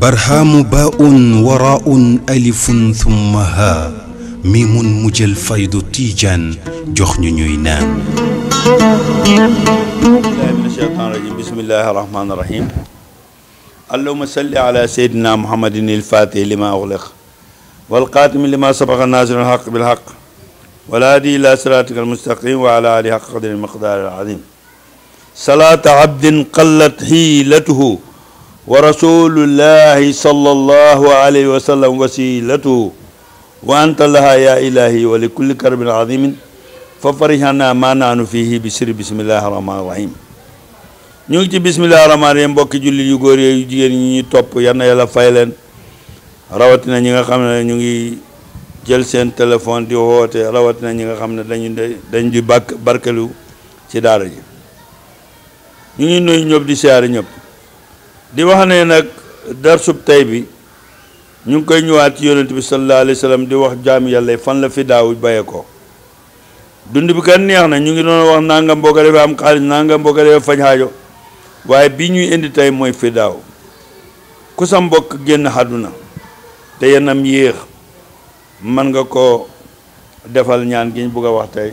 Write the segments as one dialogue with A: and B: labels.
A: برهام باء وراء ألف ثم ها ميم مجل فيض تيجان جخن نينان بسم الله الرحمن الرحيم اللهم صل على سيدنا محمد الفاتح لما أغلق والقاتم لما سبق الناظر الحق بالحق ولا والهادي إلى صراطك المستقيم وعلى آله حق قدر المقدار العظيم صلاة عبد قلت حيلته ورسول الله صلى الله عليه وسلم وسيلته وأنت لها يا إلهي ولكل كرب عظيم ففرحنا ما نعن فيه بسر بسم الله الرحمن الرحيم نيجي بسم الله الرحمن الرحيم بوك mbokki julli yu góor yu jigéen ñi ñuy topp yal na yàlla jël seen téléphone di woote rawatina ñi nga xam ne dañu dañ di bakk barkelu ci daara ji ñu ngi nuyu ñëpp di siyaare ñëpp di wax ne nag darsub tey bi ñu ngi koy ñëwaat ci yonent bi sallallahu di wax jaam yàlla fan la fi daaw bàyyee ko dund bi neex na ñu ngi doon wax nangam boo ko waaye bi ñuy indi tey mooy fi daaw ku sa mbokk génn àdduna te yenam yéex mën nga ko defal ñaan gi ñu bugg a wax tey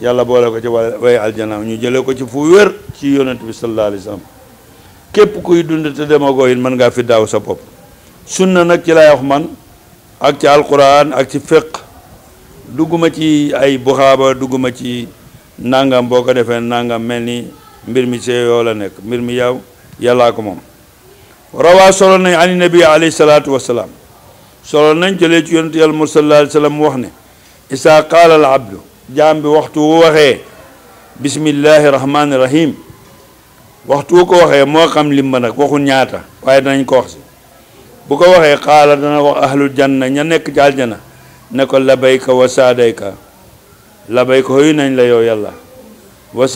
A: yàlla boole ko ci wàll way aljana ñu jëlee ko ci fu wér ci yonent bi sallallahu alayhi wa képp kuy dund te demagoo mën ngaa fi daaw sa bopp sunna nag ci lay wax man ak ci alquran ak ci fiq dugguma ci ay buxaaba dugguma ci nangam boo ko defee nangam mel ni mbir mi see yoo la nekk mbir mi yaw yàllaa ko moom rawaa solo nañ ani nabi alayhi salaatu wasalaam solo nañ jëlee ci yonent yàlla mu sallallahu alayhi mu wax ne isaa qaala al abdu jaam bi waxtu wu waxee bismillahi rahmaani rahim waxtu wu ko waxee moo xam lim ba nag waxu ñaata waaye danañ ko wax si bu ko waxee qaala dana wax ahlul janna ña nekk ci aljana ne ko labayka wa saadayka labayka hoyu nañ la yow yàlla wa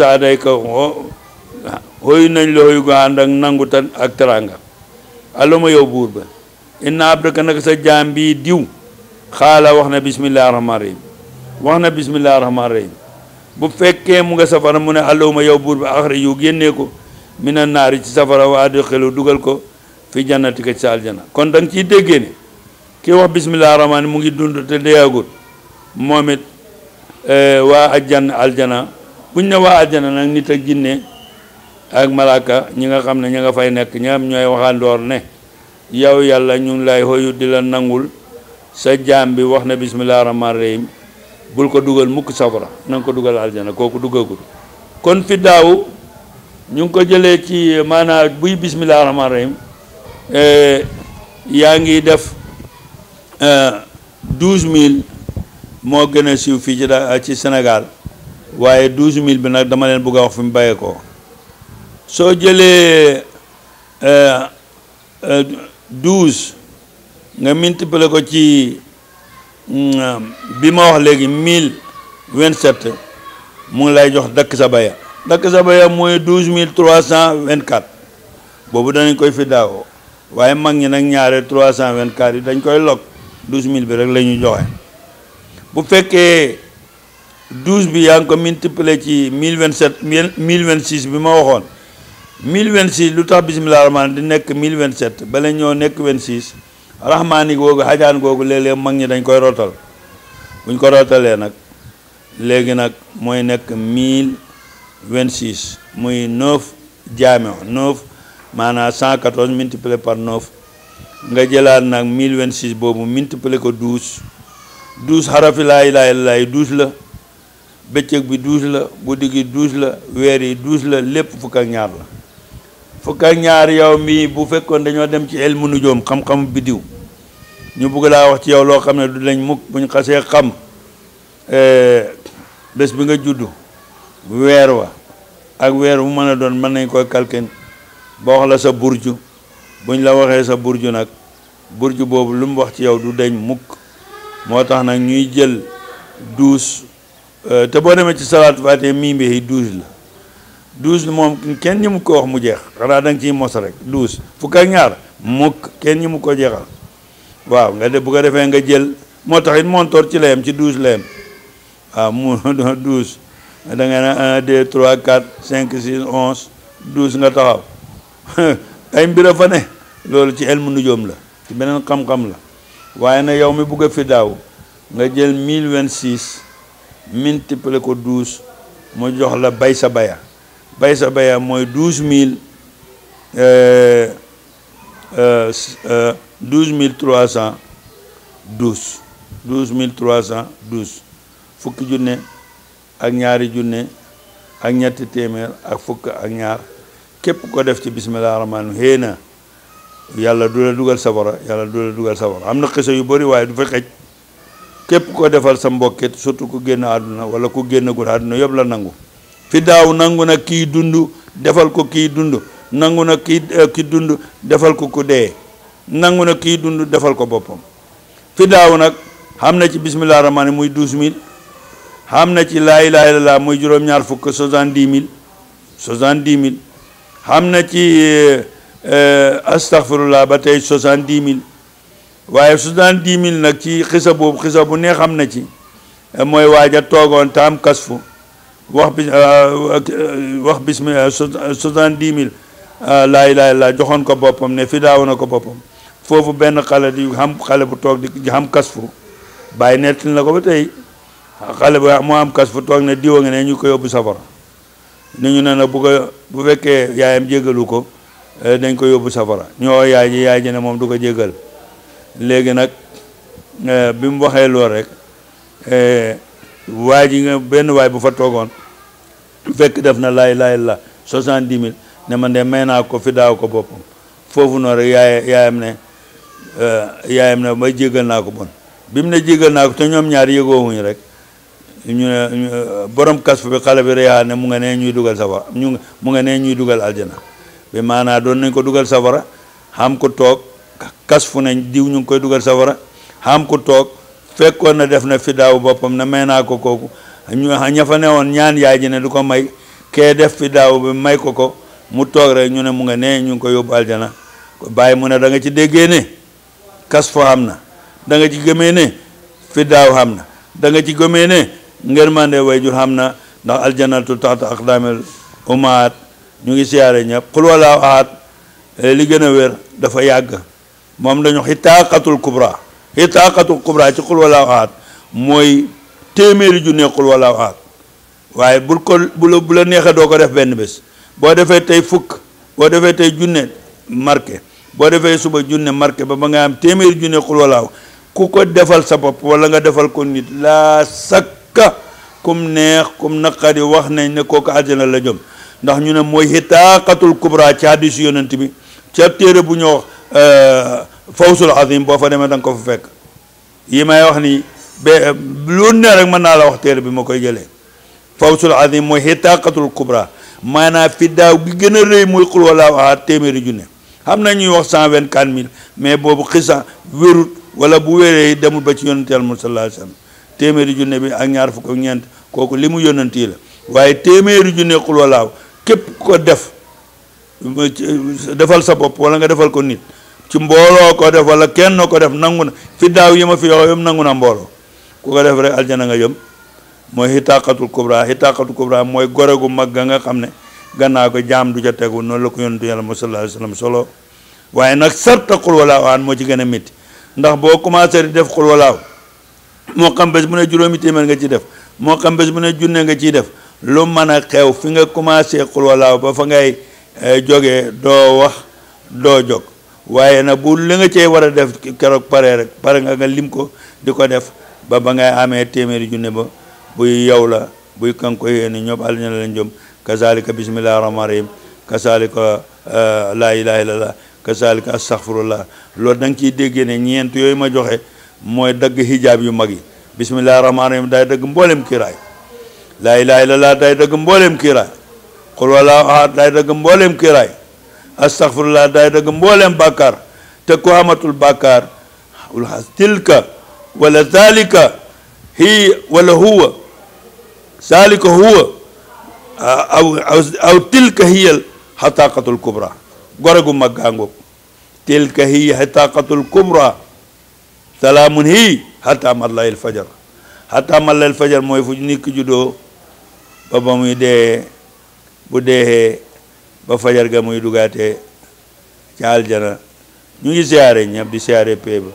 A: hoyu nañ la hoyu ak nangu tan ak teraanga allo ma yow buur ba inna abdaka nag sa jaam bi diw xaala wax na bismillahi rahmaani rahim wax na bismillahi rahmaani rahim bu fekkee mu nga safara mu ne allahuma yow buur bi axrij yu génnee ko mina naari ci safara wa adxilu dugal ko fi jannatika ci sa aljana kon da nga ciy déggee ne kii wax bismillahi rahmaani mu ngi dund te deyagut moom it eh, waa ajjan aljana buñ ne waa aljana nag nit ak jinne ak malaaka ñi nga xam ne ña nga fay nekk ñooy waxaandoor yow yàlla ñu ngi lay hoyu di la nangul sa jaam bi wax na bisimilah rahmaani rahim bul ko dugal mukk safara na ko dugal aljana kooku duggagul kon fi daaw ñu ngi ko jëlee ci maanaam buy bisimilah rahmaani rahim eh, yaa ngi def eh, douze mille moo gën a siiw fii ci ci senegal waaye douze mille bi nag dama leen bëgg wax fi mu bàyyee ko soo jëlee. Eh, douze nga multiplier ko ci mm, bi ma wax léegi mille vingt sept mu ngi lay jox dakk sa baya dakk sa baya mooy douze mille trois cent vingt quatre boobu danañ koy fi daawoo waaye mag ñi nag ñaaree trois cent vingt quatre yi dañ koy log douze mille bi rek la ñu joxe bu fekkee douze bi yaa ngi ko multiplier ci mille vingt sept mille vingt six bi ma waxoon mille vingt 1026 lu tax bisimilah rahmaan di nekk 1027 bala ñoo nekk 26 rahmaani googu xajaan googu léeg-léeg mag ñi dañ koy rootal buñ ko rootalee nag léegi nag mooy nekk 1026 muy 9 jaameo 9 cent 114 multiplié par 9 nga jëlaat nag mille vingt 1026 boobu multiplié ko 12 12 xarafi lay ilaaha illallaah 12 la bëccëg bi 12 la guddi gi 12 la weer yi 12 la lépp fukk ak ñaar la. fukk ak ñaar yow mii bu fekkoon dañoo dem ci ilmu nujoom xam kam biddiw ñu bëgg la wax ci yow lo xam ne du lañ mukk buñ xasee xam e, bés bi nga wa ak weer bu mana doon mën kalken ba sa burju buñ la waxee sa burju nak, burju boobu lu mu wax ci yow du deñ mukk moo tax nag ñuy jël douze e, te ci salat faatee mi mbi douze la dus moom ken ñu ko wax mu jeex xanaa dang ci mos rek douze fukk ak ñaar mukk ken ñu ko jeexal waaw nga de bu ko defé nga jël moo tax montor ci lem ci douze lem waaw mu douze da nga ne un deux trois quatre cinq six onze douze nga taxaw ay mbira fa ne loolu ci elmu nujoom la ci benen xam-xam la waye na yow mi bu ko fi daw nga jël 1026 ko 12 mo jox la bay sa baya bay sa bayaam mooy douze mille euh, euh, euh, douze mille trois cent douze douze mille trois cent douze fukki junne ak ñaari junne ak ñetti téeméer ak fukk ak ñaar képp ko def ci bismillah rahmaan xëy na yàlla du la dugal safara yàlla du la dugal safara am na xisa yu bari waaye du fa xej képp ko defal sa mbokket surtout ku génn àdduna wala ku génnagul àdduna yëpp la nangu fi daaw nangu na kii dund defal ko kii dund nangu na kii eh, ki dund defal ko ku dee nangu na kii dund defal ko boppam fi daaw nag xam na ci bisimilah rahmaani muy douze mille xam na ci laa ilaaha illallaah muy juróom-ñaar fukk soixante-dix mille soixante-dix mille xam na ci eh, eh, astaghfirullah ba tey soixante-dix mille waaye soixante-dix mille nag ci xisa boobu xisa bu ne xam na ci mooy waaj a toogoon taam fu wax bi euh, euh, wax bismillah soixante-dix mille euh, laa ilaaha illallaah joxoon ko boppam ne fi daawoon na ko boppam foofu benn xale di xam xale bu toog di xam kasfu bàyyi nettali na ko ba tey xale bu moo am kasfu toog ne diwa nga ne ñu ko yóbbu safara ni ñu ne na bu ko bu fekkee yaayam jéggalu ko dañ ko yóbbu safara ñoo yaay ji yaay ji ne moom du ko jéggal léegi nag bi mu waxee lool rek waa ji nga benn waay bu fa toogoon fekk def na laay laay la soixante di mille ne man de may naa ko fi daaw ko boppam foofu noonu rek yaay yaayam ne euh, yaayam ne may jégal naa ko bon bi mu ne jégal naa ko te ñoom ñaar yëgoo yëgoowuñu rek ñu borom kas bi xale bi reyaa ne mu nga nee ñuy dugal safara ñu mu nga nee ñuy dugal aljana bi maanaa doon nañ ko dugal safara xam ku toog kas fu ne diw ñu ngi koy dugal safara xam ku toog fekkoon na def na fidaaw boppam na may naa ko kooku ña fa ne woon ñaan yaay ji ne du ko may kee def fidaaw bi may ko ko mu toog rek ñu ne mu nga nee ñu ngi ko yóbbu aljana bàyyi mu ne da nga ci déggee ne kas fo xam na da nga ci gëmee ne fidaaw xam na da nga ci gëmee ne ngërmande wayjur xam na ndax aljanatu taxta aqdaamil umaat ñu ngi siyaare ñëpp xul walaaw aat li gën a wér dafa yàgg moom dañu xitaaqatul kubra hitaqatu kubra ci xul wala waat mooy téeméeri junne xul wala waat wai bul ko bulu bu la do doo ko def benn bés boo defee tey fukk boo junne marqué boo defee suba junne marqué ba ba nga am téeméeri junne xul wala ku ko defal sa bop wala nga defal ko nit la sakka kum neex kum naqari wax nañ ne kooku aljana la jom ndax ñu ne moy hitaqatul kubra ci hadith yonent bi ci téere bu ñoo wax euh, fawsul azim bo fa demé dang ko fa fek yi may wax ni lu ne rek man na la wax téere bi ma koy fawsul azim moy hitaqatul kubra mana fi daw bi gëna a moy qul wala wa téeméeri junne xam na ñuy wax 124000 mais bobu xisa wërut wala bu wéré demul ba ci yonente al sallallahu alayhi wasallam téeméeri junne bi ak ñaar fuk ak ñent koku limu yonnati la waye téeméeri junne qul wala kep ko def defal sa bop wala nga defal ko nit ci mbolo ko def wala kenn ko def nanguna fi daw yima ya, fi yow ya, yom nangu na ku ko def rek aljana nga yëm moy hitaqatul kubra hitaqatul kubra moy goregu mag ga nga xamne ganna ko jam du ca teggu non la ko yonntu yalla sallallahu alayhi wasallam solo waye nak sartaqul wala an mo ci gën metti ndax bo commencé di def qul wala mo xam bes bu ne juróomi nga ci def mo xam bes bu ne junne nga ci def lu mën xew fi nga commencé qul wala ba fa ngay eh, do wax do jog waaye nag bu la nga cey war a def keroog pare rek pare nga nga lim ko di ko def ba ba ngay amee téeméeri junne ba buy yow la buy kan ko yéene ñoom àll la jom kazalika bismillahi rahmani rahim kazalika euh, laa ilaha illallah kazalika astaghfirullah loolu da nga ciy déggee ne ñeent yooyu ma joxe mooy dagg hijab yu mag yi bismillahi rahmani rahim day dagg mboolem kiiraay laa la illallah day dëgg mboolem kiiraay qul wallahu ahad day dagg mboolem kiiraay استغفر الله داي دغ مبولم بكر تقوامه البكر تلك ولا ذلك هي ولا هو ذلك هو او او, أو تلك هي الحطاقه الكبرى غرق مغانغو تلك هي حطاقه الكبرى سلام هي حتى مطلع الفجر حتى مطلع الفجر موي فوج نيك جودو بابا مي دي بو ba fajar ga muy dugaatee ca aljana ñu ngi siyaare ñëpp di siyaare pee ba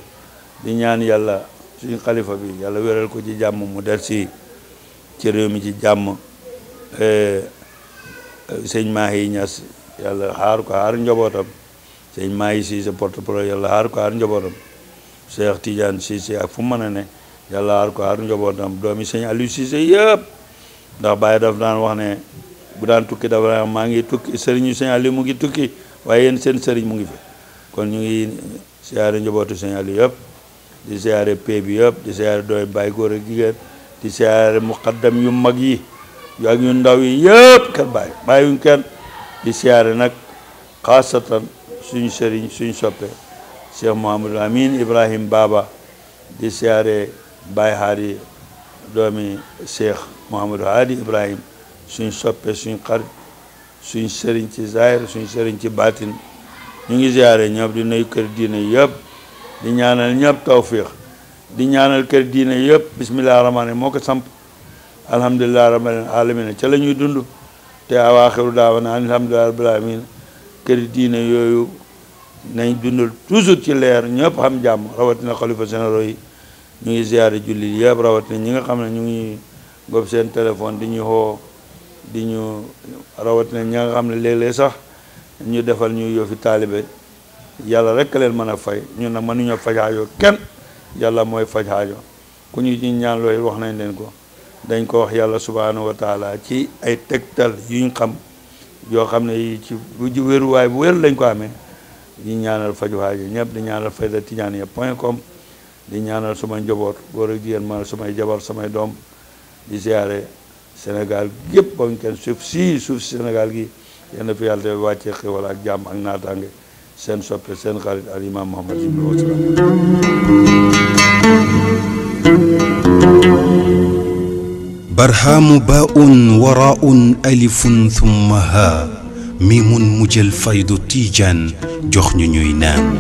A: di ñaan yàlla suñu xalifa bi yàlla wéral ko ci jàmm mu der si ci réew mi ci jàmm eh, sëñ Mahi Niass yàlla xaar ko xaar njabootam sëñ Mahi Cissé porte-parole yàlla xaar ko xaar njabootam Cheikh Tidiane Cissé ak fu mën a ne yàlla ko xaar njabootam doomi sëñ Aliou Cissé yëpp ndax Baye daf daan wax ne bu daan tukki dafa maa ngi tukki sëriñu Sëñ Aliou mu ngi tukki waaye yéen seen sëriñ mu ngi fi kon ñu ngi siyaare njabootu Sëñ Aliou yëpp di siyaare pay bi yëpp di siyaare doy bàyyi góor ak jigéen di siyaare muqaddam yu mag yi yu ak yu ndaw yi yëpp kat bàyyi bàyyiwuñ kenn di siyaare nag xaasatan suñ sëriñ suñu soppe Cheikh Mouhamadou Amin Ibrahim Baba di siyaare Baye Haadi doomi Cheikh Mouhamadou Haadi Ibrahim suñ soppe suñ xarit suñ sëriñ ci zaahir suñ sëriñ ci baatin ñu ngi ziyaare ñëpp di nuyu kër diine yëpp di ñaanal ñëpp tawfiix di ñaanal kër diina yëpp bisimilah rahmaani moo ko samp alhamdulilah rabbil alamin ca la ñuy dund te awaaxiru daawana alhamdulilah rabbil alamin kër diine yooyu nañ dundal toujours ci leer ñëpp xam jàmm rawatina xalifa généraux yi ñu ngi ziyaare jullit yëpp rawatina ñi nga xam ne ñu ngi gob seen téléphone di ñu xoo di ñu rawatina ña nga xam ne léeg-léeg sax ñu defal ñu yëfi taalibe yàlla rek leen mën a fay ñun nag mënuñoo faj aajo kenn yàlla mooy faj aajo ku ñu ci ñaan looy wax nañ leen ko dañ ko wax yàlla subhaanahu wa ci ay tegtal yuñ xam yoo xam ne yi ci bu wéruwaay bu wér lañ ko amee di ñaanal faju aajo ñëpp di ñaanal fayda tijaaniya point com di ñaanal suma njoboot góor ak jigéen man sumay jabar samay doom di siyaare Sénégal yëpp ba mu kenn suuf si suuf si Sénégal gi yéen a fi yàlla wàccee xéwal ak jàmm ak naataange seen soppe seen xarit al imam Mouhamed Djibril barhamu baun waraun alifun thumma ha mimun mujjal faydu tijaan jox ñu ñuy naan